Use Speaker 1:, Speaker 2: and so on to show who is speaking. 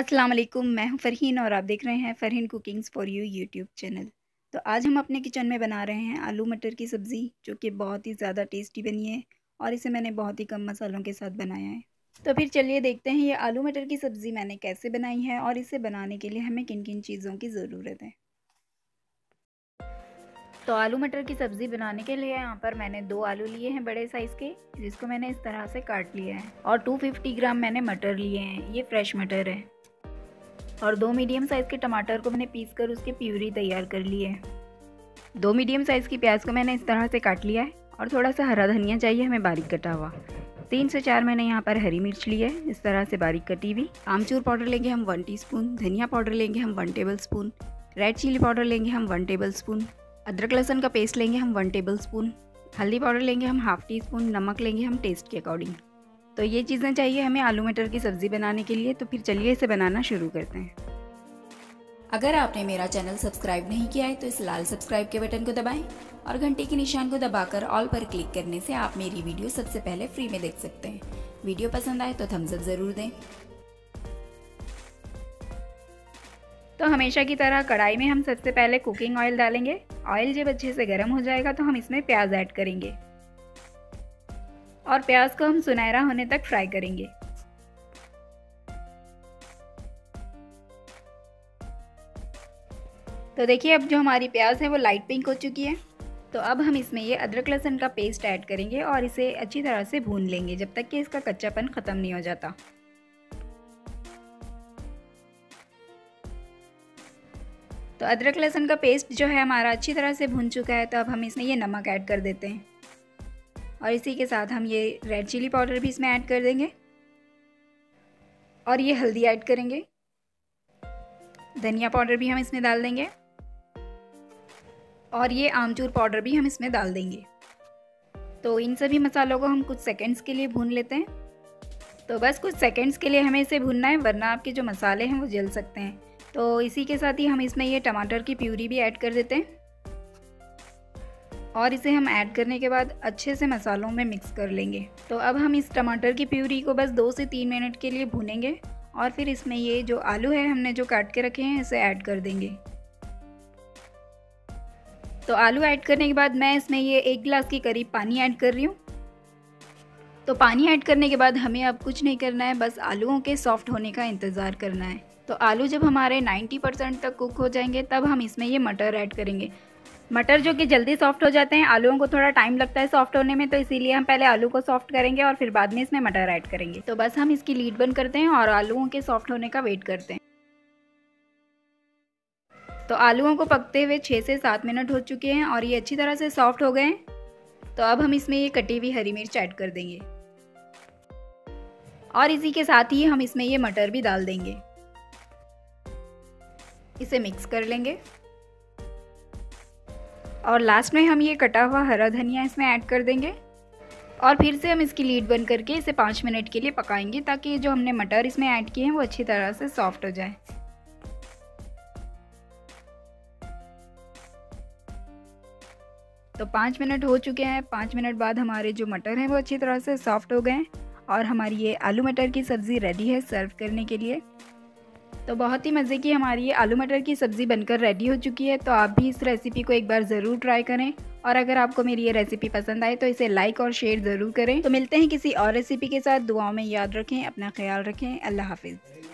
Speaker 1: अस्सलाम वालेकुम मैं हूं फ़रहीन और आप देख रहे हैं Farheen cookings for you YouTube channel तो आज हम अपने किचन में बना रहे हैं आलू मटर की सब्ज़ी जो कि बहुत ही ज़्यादा टेस्टी बनी है और इसे मैंने बहुत ही कम मसालों के साथ बनाया है तो फिर चलिए देखते हैं ये आलू मटर की सब्ज़ी मैंने कैसे बनाई है और इसे बनाने के लिए हमें किन किन चीज़ों की ज़रूरत है तो आलू मटर की सब्ज़ी बनाने के लिए यहाँ पर मैंने दो आलू लिए हैं बड़े साइज़ के जिसको मैंने इस तरह से काट लिया है और 250 ग्राम मैंने मटर लिए हैं ये फ्रेश मटर है और दो मीडियम साइज़ के टमाटर को मैंने पीस कर उसके प्यूरी तैयार कर ली है दो मीडियम साइज़ की प्याज को मैंने इस तरह से काट लिया है और थोड़ा सा हरा धनिया चाहिए हमें बारीक कटा हुआ तीन से चार मैंने यहाँ पर हरी मिर्च ली है इस तरह से बारीक कटी हुई आमचूर पाउडर लेंगे हम वन टी धनिया पाउडर लेंगे हम one table spoon red chilli powder लेंगे हम वन टेबल स्पून अदरक लहसन का पेस्ट लेंगे हम वन टेबल स्पून हल्दी पाउडर लेंगे हम हाफ टी स्पून नमक लेंगे हम टेस्ट के अकॉर्डिंग तो ये चीज़ें चाहिए हमें आलू मटर की सब्ज़ी बनाने के लिए तो फिर चलिए इसे बनाना शुरू करते हैं अगर आपने मेरा चैनल सब्सक्राइब नहीं किया है तो इस लाल सब्सक्राइब के बटन को दबाएं और घंटे के निशान को दबाकर ऑल पर क्लिक करने से आप मेरी वीडियो सबसे पहले फ्री में देख सकते हैं वीडियो पसंद आए तो थम्सअप ज़रूर दें तो हमेशा की तरह कढ़ाई में हम सबसे पहले कुकिंग ऑयल डालेंगे ऑयल जब अच्छे से गर्म हो जाएगा तो हम इसमें प्याज ऐड करेंगे और प्याज को हम सुनहरा होने तक फ्राई करेंगे तो देखिए अब जो हमारी प्याज है वो लाइट पिंक हो चुकी है तो अब हम इसमें ये अदरक लहसुन का पेस्ट ऐड करेंगे और इसे अच्छी तरह से भून लेंगे जब तक कि इसका कच्चापन ख़त्म नहीं हो जाता तो अदरक लहसुन का पेस्ट जो है हमारा अच्छी तरह से भून चुका है तो अब हम इसमें ये नमक ऐड कर देते हैं और इसी के साथ हम ये रेड चिली पाउडर भी इसमें ऐड कर देंगे और ये हल्दी ऐड करेंगे धनिया पाउडर भी हम इसमें डाल देंगे और ये आमचूर पाउडर भी हम इसमें डाल देंगे तो इन सभी मसालों को हम कुछ सेकंड्स के लिए भून लेते हैं तो बस कुछ सेकंड्स के लिए हमें इसे भूनना है वरना आपके जो मसाले हैं वो जल सकते हैं तो इसी के साथ ही हम इसमें ये टमाटर की प्यूरी भी ऐड कर देते हैं और इसे हम ऐड करने के बाद अच्छे से मसालों में मिक्स कर लेंगे तो अब हम इस टमाटर की प्यूरी को बस दो से तीन मिनट के लिए भूनेंगे और फिर इसमें ये जो आलू है हमने जो काट के रखे हैं इसे ऐड कर देंगे तो आलू ऐड करने के बाद मैं इसमें ये एक गिलास के करीब पानी ऐड कर रही हूँ तो पानी ऐड करने के बाद हमें अब कुछ नहीं करना है बस आलूओं के सॉफ्ट होने का इंतज़ार करना है तो आलू जब हमारे 90 परसेंट तक कुक हो जाएंगे तब हम इसमें ये मटर ऐड करेंगे मटर जो कि जल्दी सॉफ्ट हो जाते हैं आलूओं को थोड़ा टाइम लगता है सॉफ्ट होने में तो इसीलिए हम पहले आलू को सॉफ्ट करेंगे और फिर बाद में इसमें मटर ऐड करेंगे तो बस हम इसकी लीड बंद करते हैं और आलूओं के सॉफ्ट होने का वेट करते हैं तो आलूओं को पकते हुए छः से सात मिनट हो चुके हैं और ये अच्छी तरह से सॉफ्ट हो गए हैं तो अब हम इसमें ये कटी हुई हरी मिर्च ऐड कर देंगे और इसी के साथ ही हम इसमें ये मटर भी डाल देंगे इसे मिक्स कर लेंगे और लास्ट में हम ये कटा हुआ हरा धनिया इसमें ऐड कर देंगे और फिर से हम इसकी लीड बंद करके इसे पाँच मिनट के लिए पकाएंगे ताकि जो हमने मटर इसमें ऐड किए हैं वो अच्छी तरह से सॉफ्ट हो जाए तो पाँच मिनट हो चुके हैं पाँच मिनट बाद हमारे जो मटर हैं वो अच्छी तरह से सॉफ्ट हो गए और हमारी ये आलू मटर की सब्ज़ी रेडी है सर्व करने के लिए तो बहुत ही मज़े की हमारी ये आलू मटर की सब्ज़ी बनकर रेडी हो चुकी है तो आप भी इस रेसिपी को एक बार ज़रूर ट्राई करें और अगर आपको मेरी ये रेसिपी पसंद आए तो इसे लाइक और शेयर ज़रूर करें तो मिलते हैं किसी और रेसिपी के साथ दुआओं में याद रखें अपना ख्याल रखें अल्लाह हाफिज़